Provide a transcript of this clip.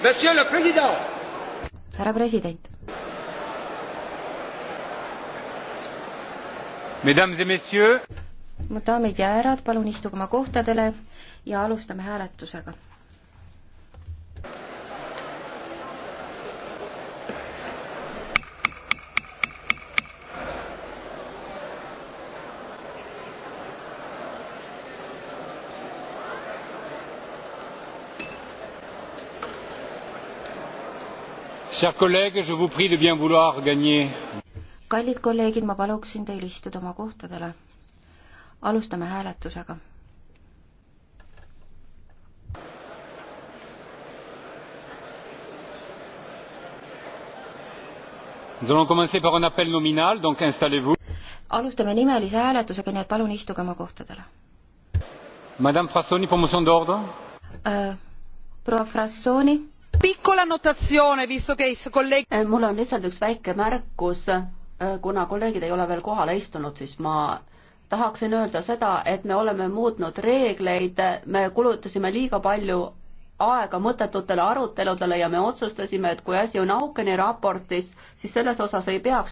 härra president. mu daamid ja härrad, palun istuge oma kohtadele ja alustame hääletusega Chers collègues, je vous prie de bien vouloir gagner. kallid kolleegid, ma paluksin teil istuda oma kohtadele. alustame hääletusega. Nous allons commencer par un appel nominal, donc installez-vous. alustame nimelise hääletusega, nii et palun istuge oma kohtadele. Madame Frassoni, promotion d'ordre euh,. proua Frassoni Eh, mul on lihtsalt üks väike märkus, eh, kuna kolleegid ei ole veel kohale istunud, siis ma tahaksin öelda seda, et me oleme muutnud reegleid, me kulutasime liiga palju aega mõttetutele aruteludele ja me otsustasime, et kui asi on Aukeni raportis, siis selles osas ei peaks